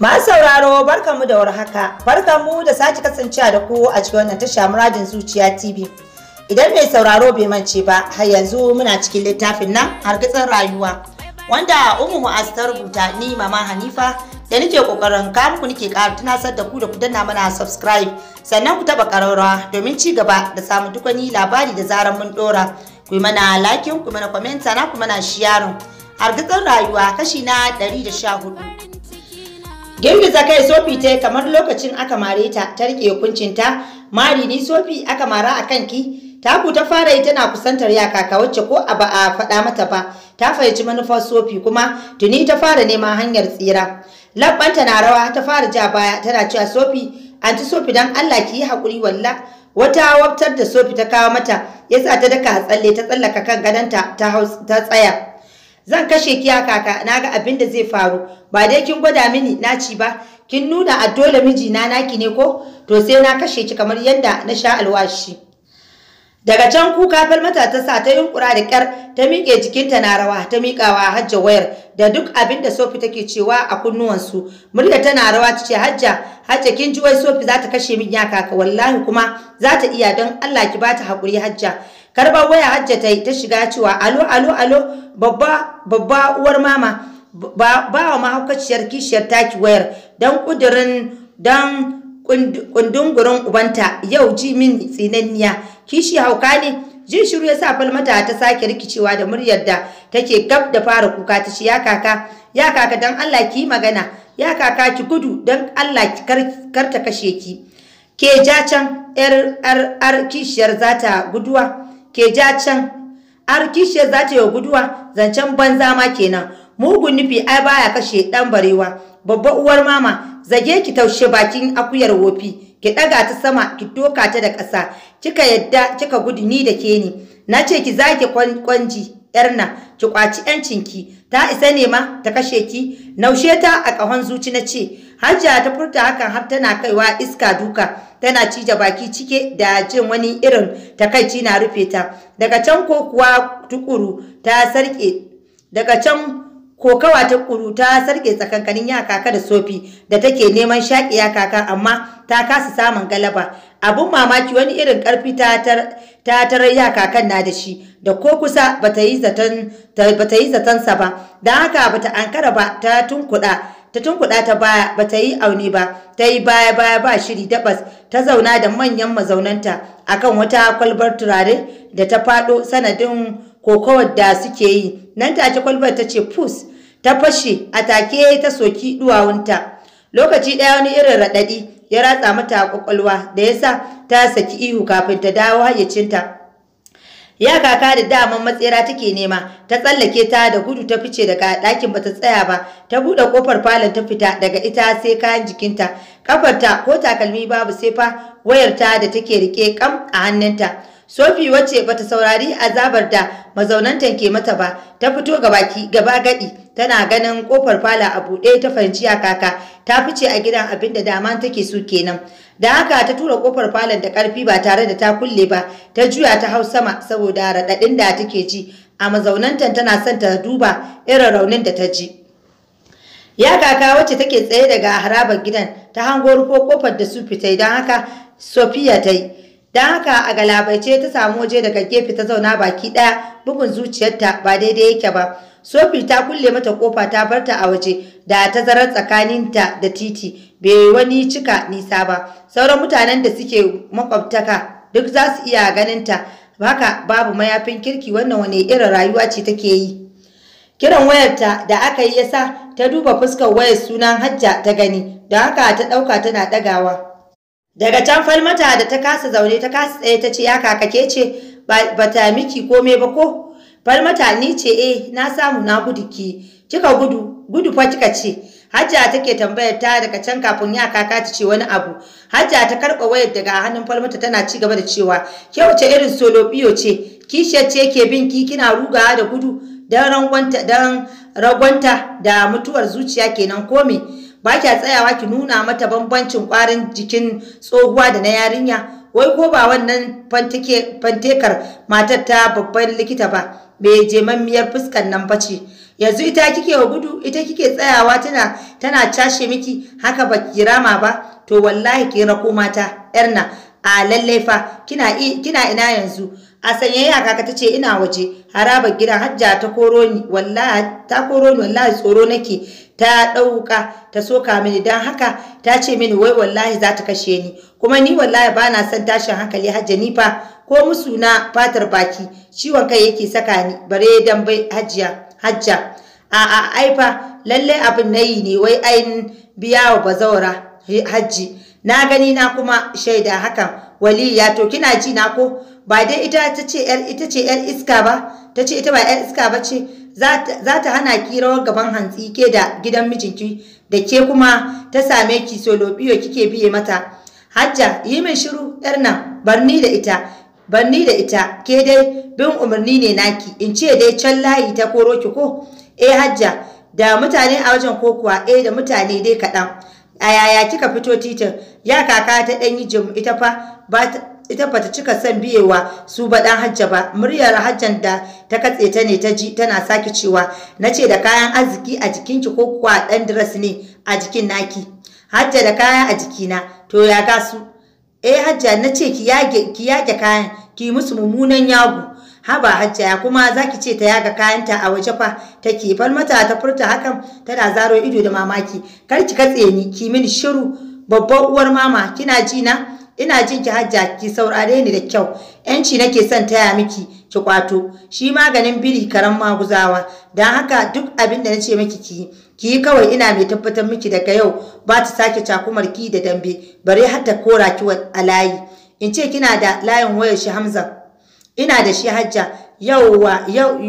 Masu sauraro barkamu da warhaka, barkamu da sake kasancewa da ku a cikin wannan tasha muradin zuciya TV. Idan mai sauraro bai mance ba, har yanzu muna cikin littafin nan hargitsin rayuwa. Wanda umu mu ta rubuta ni Mama Hanifa da nake kokarin ka ku nake ƙara tunasar da ku da ku danna mana subscribe sannan ku taba ƙararrawa domin ci gaba da samun duk wani labari da zaran mun dora. Ku mana like, ku mana comment, sannan ku mana sharing. Hargitsin rayuwa kashi na 114. girgiza kai sofi ta yi kamar lokacin aka mare ta ta rike hukuncinta mari ni sofi aka mara a kanki taku ta fara yi tana kusantar yaka ka wacce ko a ba a faɗa mata ba ta fahimci manufar sofi kuma tuni ta fara neman hanyar tsira labbanta na rawa ta fara ja baya tana cewa sofi anti sofi dan allah ki yi hakuri, walla wata wabtar da sofi ta kawo mata yasa ta daka tsalle ta tsallaka kan gadonta ta tsaya zan kashe ki ya kaka na ga abin da zai faru ba dai kin gwada mini na ci ba kin nuna a dole miji na naki ne ko to sai na kashe ki kamar yadda na sha alwashi daga can kuka falmata ta sa ta yunkura da kyar ta miƙe jikinta na rawa ta miƙawa hajja wayar da duk abin da sofi take cewa a kunnuwansu murya tana rawa ta ce hajja hajja kin ji wai sofi za ta kashe min ya kaka wallahi kuma za ta iya don allah ki ba ta haƙuri hajja karbar waya hajja ta yi ta shiga cewa alo alo alo babba babba uwar mama ba wa mahaukaciyar kishiyar taki wayar don kudurin don kundungurin ubanta yau ji min tsinanniya kishi hauka ne jin shiru ya sa falmata ta sake rikicewa da muryar da take gab da fara kuka ta shi ya kaka ya kaka don Allah ki magana ya kaka ki gudu don Allah kar ta kashe ki ke ja can yar kishiyar zata guduwa ke ja can ar kishe za ta yi guduwa zancen banza ma kenan mugun nufi ai baya kashe dan barewa babba uwar mama zage ki taushe bakin akuyar wofi ki daga ta sama ki doka ta da ƙasa kika yadda kika gudu ni da ke ni na ce ki zaki kwanji yar na ki kwaci 'yancinki. ta isa ne ma ta kashe ki naushe ta a ƙahon zuci na ce Hajiya ta furta hakan har tana kaiwa iska duka tana cije baki cike da jin wani irin takaici na rufe ta. Daga can ko kuwa tukuru ta sarke daga can kokawa ta kuru ta sarke tsakankanin ya kaka da sofi da take neman shaƙi ya kaka amma ta kasa samun galaba abun mamaki wani irin ƙarfi ta tarar ya kakan na da shi da ko kusa bata yi zaton sa ba don haka bata ankara ba ta tunkuɗa ta tunkuɗa ta baya ba ta yi auni ba ta yi baya baya ba shiri tabbas ta zauna da manyan mazaunanta akan wata kwalbar turare da ta faɗo sanadin kokowar da suke yi nan ta take kwalbar ta ce pus ta fashe a take ta soki duwawunta lokaci ɗaya wani irin raɗaɗi ya ratsa mata kwakwalwa da ya sa ta saki ihu kafin ta dawo hayyacinta ya kaka da daman matsera take nema ta tsallake ta da gudu ta fice daga ɗakin bata tsaya ba ta buɗe kofar falon ta fita daga ita sai kayan jikinta kafarta ko takalmi babu sai fa wayarta da take rike kam a hannunta Sofi wace bata saurari azabar da mazaunanta ke mata ba, ta fito gabaki gaba gadi tana ganin kofar fala a buɗe ta fahimci kaka, ta fice a gidan abin da dama take so kenan. Da haka ta tura kofar falon da karfi ba tare da ta kulle ba, ta juya ta hau sama saboda raɗaɗin da take ji, a mazaunantan tana son ta duba irin raunin da ta ji. Ya kaka wacce take tsaye daga harabar gidan ta hango rufo kofar da su fitai don haka Sofiya ta yi. don haka a galabaice ta samu waje daga gefe ta zauna baki ɗaya bugun zuciyarta ba daidai yake ba sofi ta kulle mata kofa ta barta a waje da tazarar tsakaninta da titi bai wani cika nisa ba sauran mutanen da suke makwabtaka duk za su iya ganinta haka babu mayafin kirki wannan wani irin rayuwa ce take yi kiran wayarta da aka yi yasa ta duba fuskar wayar sunan hajja ta gani don haka ta ɗauka tana ɗagawa daga can falmata da ta kasa zaune ta kasa tsaye ta ce ya kakake ce ba ta miki kome ba ko falmata ni ce eh na samu na gudu ki kika gudu gudu fa kika ce hajja take tambayar ta daga can kafin ya kaka ta ce wani abu hajja ta karba wayar daga hannun falmata tana ci gaba da cewa ke wace irin solobiyo ce kishiyar ce ke bin ki kina rugawa da gudu don rangwanta da mutuwar zuciya kenan komi ba kya tsayawa ki nuna mata bambancin kwarin jikin tsohuwa da na yarinya wai ko ba wannan fantekar matar ta babban likita ba bai je mammiyar fuskan nan ba ce yanzu ita kike wa gudu ita kike tsayawa tana tana cashe miki haka ba ki rama ba to wallahi ki rako mata yarna a lallai fa kina kina ina yanzu a sanye ya kaka tace ina waje haraba gidan hajja ta koro wallahi ta koro wallahi tsoro nake ta ɗauka ta soka mini don haka ta ce mini wai wallahi za ta kashe ni kuma ni wallahi ba na son tashin hankali hajja ni fa ko musu na fatar baki ciwon kai yake saka ni bare dan bai hajja hajja a a ai fa lalle abin nayi ne wai ain biya wa bazawara hajji na gani na kuma shaida hakan waliya to kina ji na ko ba dai ita ta ce yar iska ba ta ita ba yar iska ba ce za ta hana ki rawar gaban hantsi ke da gidan mijinki da ke kuma ta same ki solobiyo kike biye mata hajja yi min shiru yar nan barni da ita barni da ita ke dai bin umarni ne naki in ce dai can layi ta koro ki ko eh hajja da mutane a wajen ko kuwa eh da mutane dai kaɗan a yaya kika fito titin ya kaka ta ɗan yi jim ita fa ba ita bata cika son biyewa su ba dan hajja ba muryar hajjan da ta katse ta ne ta ji tana saki cewa nace da kayan arziki a jikinki ko kuwa dan dress ne a jikin naki hajja da kaya a jikina to ya ga su eh hajja nace ki yage ki yage kayan ki musu mummunan yago haba hajja ya kuma zaki ce ta yaga kayanta a waje fa take falmata ta furta hakan tana zaro ido da mamaki kar ki katse ni ki mini shiru babbar uwar mama kina ji na ina jin ki hajja ki saurare ni da kyau yanci nake son taya miki ki kwato shi maganin biri karan maguzawa don haka duk abin da nace miki ki ki yi kawai ina mai tabbatar miki daga yau ba ta sake cakumar ki da dambe bare har ta kora ki a layi in ce kina da layin wayar shi Hamza ina da shi hajja yau yau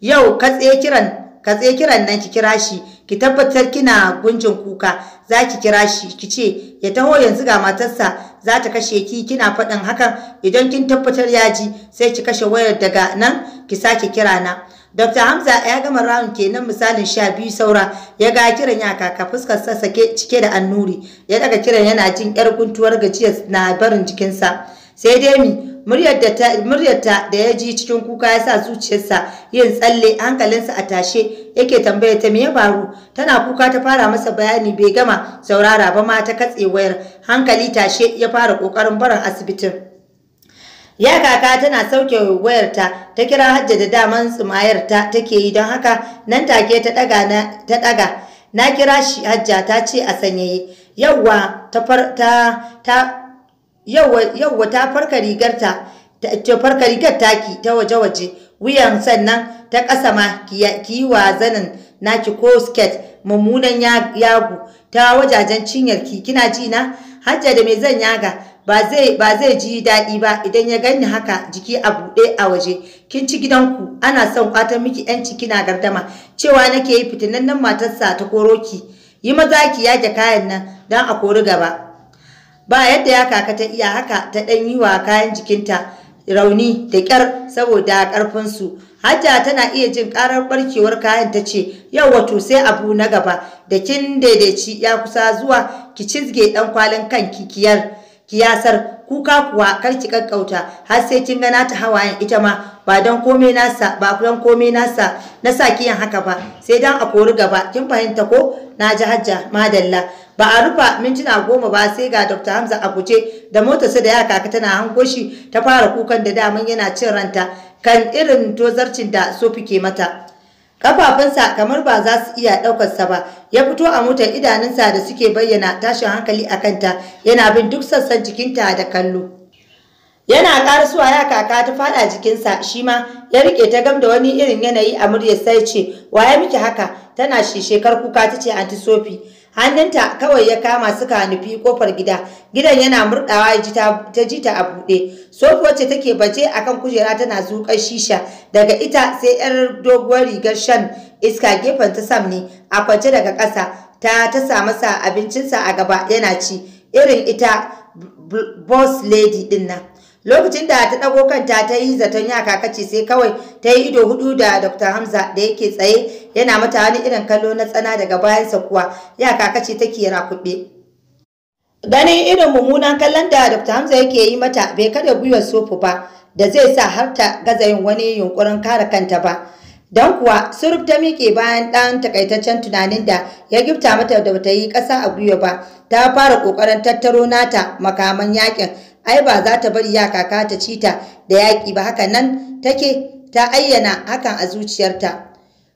yau katse kiran ka tsaye kiran nan ki kira shi ki tabbatar kina gunjin kuka za ki kira shi ki ce ya taho yanzu ga matarsa za ta kashe ki kina faɗin hakan idan kin tabbatar ya ji sai ki kashe wayar daga nan ki sake kira na Dr. Hamza ya gama round kenan misalin sha biyu saura ya ga kiran ya kaka fuskar sa cike da annuri ya daga kiran yana jin yar guntuwar gajiyar na barin jikinsa sai dai mi muryarta da ya ji cikin kuka ya sa zuciyarsa yin tsalle hankalinsa a tashe yake tambaya ta me ya faru tana kuka ta fara masa bayani bai gama saurara ba ma ta katse wayar hankali tashe ya fara kokarin barin asibitin ya kaka tana sauke wayarta ta kira hajja da daman tsumayarta take yi don haka nan take ta daga na ta daga na kira shi hajja ta ce a sanyaye yauwa ta ta yauwa ta farka rigarta ta farka rigar taki ta waje-waje wuyan sannan ta ƙasa ma ki yi wa zanin naki ko skirt mummunan yagu ta wajajen cinyar ki kina ji na hajja da mai zan yaga ba zai ji daɗi ba idan ya gani haka jiki a buɗe a waje kin ci gidanku ana son kwatan miki yanci kina gardama cewa nake yi nan matarsa ta koroki yi maza ki yage kayan nan don a kori gaba ba yadda ya kaka ta iya haka ta ɗan yi wa kayan jikinta rauni da kyar saboda ƙarfinsu hajja tana iya jin ƙarar ɓarkewar kayan ta ce yau wato sai abu na gaba da kin daidaici ya kusa zuwa ki cizge ɗan kwalin kan kikiyar kiyasar kuka kuwa kar ki kakkauta har sai kin ga ta hawayen ita ma ba don komai nasa ba dan komai nasa na saki yan haka ba sai dan a kori gaba kin fahimta ko na ji hajja madalla ba a rufa mintuna goma ba sai ga dr hamza a guje da motarsa da ya kaka tana hango shi ta fara kukan da daman yana cin ranta kan irin tozarcin da sofi ke mata Kafafunsa kamar ba za su iya ɗaukarsa ba, ya fito a motar idanunsa da suke bayyana tashin hankali a kanta yana bin duk sassan jikinta da kallo. Yana ƙarasuwa ya kaka ta faɗa jikinsa shi ma ya rike ta gam da wani irin yanayi a muryar sai ce, ya miki haka?" Tana shekar kuka ta ce Sophie. hannunta kawai ya kama suka nufi kofar gida gidan yana murdawa ta ji ta a buɗe tsohuwace ce take baje akan kujera tana zuƙar shisha daga ita sai yar doguwar rigar shan iska gefen ta sam ne a kwance daga ƙasa ta ta sa masa abincinsa a gaba yana ci irin ita boss lady din nan lokacin da ta ɗago kanta ta yi zaton ya kakace sai kawai ta yi ido hudu da dr hamza da yake tsaye yana mata wani irin kallo na tsana daga bayansa kuwa ya kakace take rakuɓe ganin irin mummunan kallon da dr hamza yake yi mata bai kada gwiwar sofu ba da zai sa har ta gaza yin wani yunkurin kare kanta ba don kuwa surup ta miƙe bayan ɗan takaitaccen tunanin da ya gifta mata da bata yi ƙasa a gwiwa ba ta fara ƙoƙarin tattaro nata makaman yakin ai ba za ta bari ya kaka ta ci ta da yaƙi ba haka nan take ta ayyana hakan a zuciyarta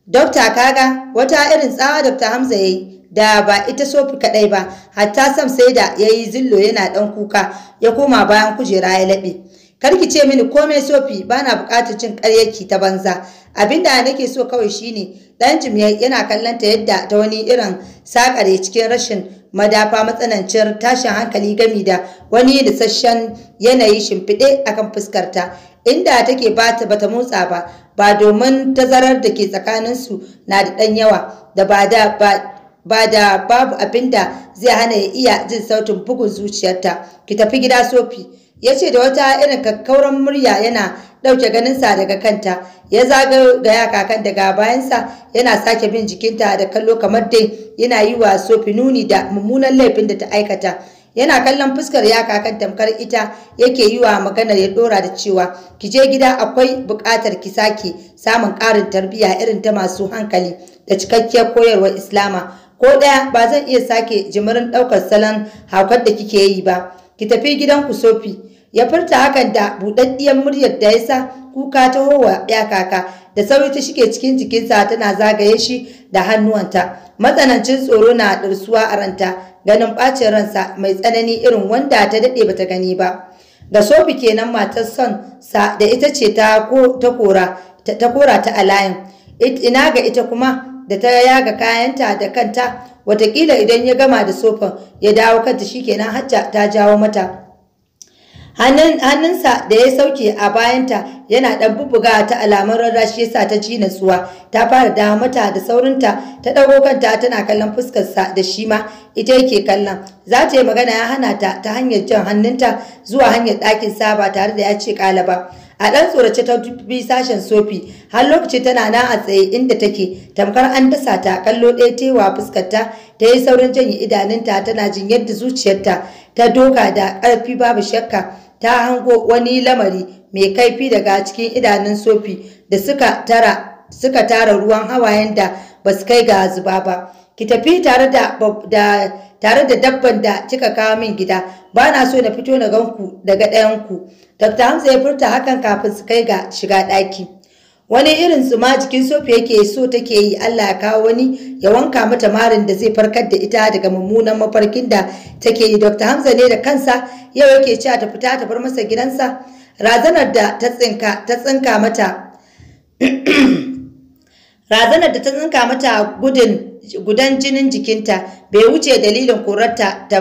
dokta kaga wata irin tsawa dokta hamza ya yi da ba ita sofi kaɗai ba hatta sam sai da ya yi zillo yana ɗan kuka ya koma bayan kujera ya laɓe ki ce mini komai sofi ba na buƙatar cin ƙaryarki ta banza abinda nake so kawai shine ɗan jim yana kallon ta yadda ta wani irin sakare cikin rashin madafa matsanancin tashin hankali gami da wani lisashen yanayi shimfiɗe akan fuskarta inda take bata bata motsa ba ba domin tazarar da ke tsakaninsu na da ɗan yawa da ba da ba da babu abin da zai hana ya iya jin sautin bugun zuciyarta ki tafi gida sofi ya ce da wata irin kakkauran murya yana ɗauke sa daga kanta ya zagayo da ya kakan daga bayansa yana sake bin jikinta da kallo kamar dai yana yi wa sofi nuni da mummunan laifin da ta aikata yana kallon fuskar ya kakan tamkar ita yake yi wa maganar ya ɗora da cewa ki je gida akwai buƙatar ki sake samun ƙarin tarbiyya irin ta masu hankali da cikakkiyar koyarwar islama ko ɗaya ba zan iya sake jimirin ɗaukar salon haukar da kike yi ba ki tafi gidan ku sofi ya furta hakan da budaddiyar muryar da ya sa kuka ta howa ya kaka da sauri ta shige cikin jikinsa tana zagaye shi da hannuwanta matsanancin tsoro na ɗarsuwa a ranta ganin ɓacin ransa mai tsanani irin wanda ta daɗe bata gani ba ga sofi kenan matar son sa da ita ce ta kora ta kora ta a ina ga ita kuma da ta yaga kayanta da kanta watakila idan ya gama da sofan ya dawo kanta shikenan hajja ta jawo mata hannunsa da ya sauke a bayanta yana ɗan bubuga ta alamun rarrashi yasa ta ji natsuwa ta fara da mata da saurinta ta ɗago kanta tana kallon fuskarsa da shi ma ita yake kallon za ta yi magana ya hana ta ta hanyar jan hannunta zuwa hanyar ɗakin sa ba tare da ya ce ƙala a ɗan tsorace ta bi sashen sofi har lokaci tana na a tsaye inda take tamkar an dasa ta kallo ɗaya tewa fuskarta ta yi saurin janye idanunta tana jin yadda zuciyarta ta doka da ƙarfi babu shakka ta hango wani lamari mai kaifi daga cikin idanun sofi da suka tara suka tara ruwan hawayen da ba su kai ga zuba ba ki tafi tare da tare da dabban da kika kawo min gida ba na so na fito na ganku daga ɗayanku dr hamza ya furta hakan kafin su kai ga shiga ɗaki wani irin tsuma jikin sofi yake so take yi Allah ya kawo wani ya wanka mata marin da zai farkar da ita daga mummunan mafarkin da take yi Dr. Hamza ne da kansa yau yake cewa ta fita ta bar masa gidansa razanar da ta tsinka mata razanar da ta tsinka mata gudun gudan jinin jikinta bai wuce dalilin korata ta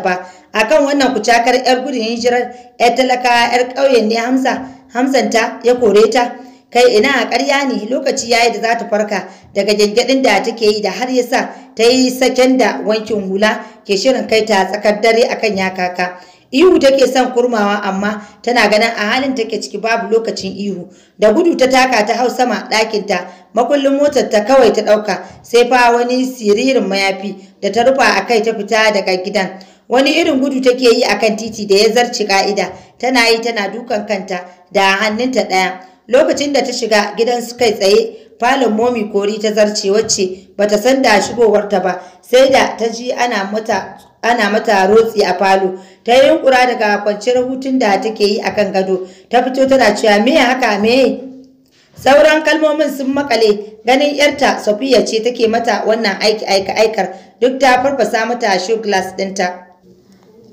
ba akan wannan kucakar yar gudun hijirar yar talaka yar ƙauyen ne Hamza Hamzanta ya kore ta kai ina a ƙarya ne lokaci yayi da za ta farka daga gyangyaɗin da take yi da har yasa ta yi saken da wankin hula ke shirin kai ta tsakar dare akan yakaka ihu take son kurmawa amma tana ganin a halin take ciki babu lokacin ihu da gudu ta taka ta hau sama ɗakinta makullin motar ta kawai ta ɗauka sai fa wani siririn mayafi da ta rufa a kai ta fita daga gidan wani irin gudu take yi akan titi da ya zarci ƙa'ida, tana yi tana dukan kanta da hannunta ɗaya lokacin da ta shiga gidan su kai tsaye falon momi kori ta zarce wacce bata san da shigowarta ba sai da ta ji ana mata ana rotsi a falo ta yi yunkura daga kwanciyar hutun da take yi akan gado ta fito tana cewa me haka me sauran kalmomin sun makale ganin yarta Sofiya ce take mata wannan aiki aika aikar duk ta farfasa mata shoe glass dinta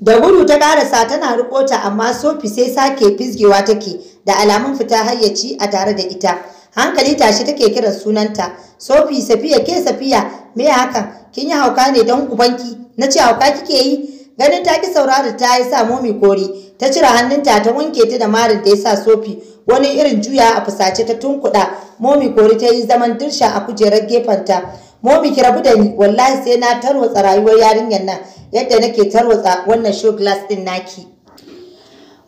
da gudu ta karasa tana rikota amma sofi sai sake fizgewa take da alamun fita hayyaci a tare da ita hankali tashi take kiran sunanta sofi safiya ke safiya me haka?" kin yi hauka ne don ubanki na ce hauka kike yi ganin ta ki saurara ta yi sa momi kori ta cire hannunta ta wanke ta da marin da ya sa sofi wani irin juya a fusace ta tunkuɗa momi kori ta yi zaman dirsha a kujerar gefenta momi ki rabu da ni wallahi sai na tarwatsa rayuwar yarinyar nan yadda nake tarwatsa wannan show glass din naki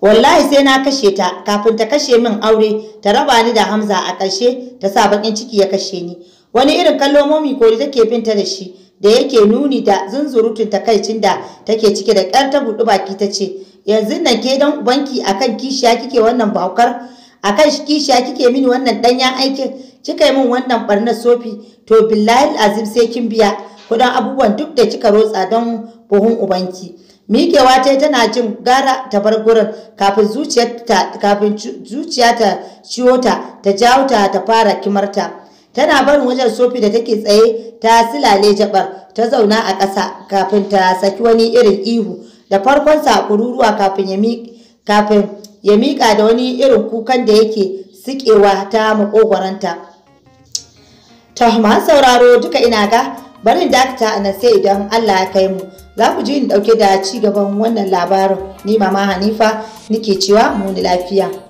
wallahi sai na kashe ta kafin ta kashe min aure ta raba ni da Hamza a ƙarshe ta sa bakin ciki ya kashe ni wani irin kallo momi da take binta da shi da yake nuni da zunzurutun takaicin da take cike da ƙyar ta buɗu baki ta ce yanzu nan ke dan ubanki akan kishiya kike wannan baukar akan kishiya kike mini wannan danyen aikin kika yi min wannan barnar sofi to billahi azim sai kin biya kudan abubuwan duk da kika rotsa don buhun ubanki miƙewa ta tana jin gara ta bar gurin kafin zuciyarta kafin zuciya ta ta ta jawo ta ta fara kimarta tana barin wajen sofi da take tsaye ta silale jabar ta zauna a ƙasa kafin ta saki wani irin ihu da farkon sa kururuwa kafin ya kafin ya miƙa da wani irin kukan da yake sikewa ta makogwaranta ta sauraro duka ina ga barin dakata a sai idan Allah ya kai mu za ku ji ni dauke da ci gaban wannan labarin ni mama Hanifa nike cewa mu ni lafiya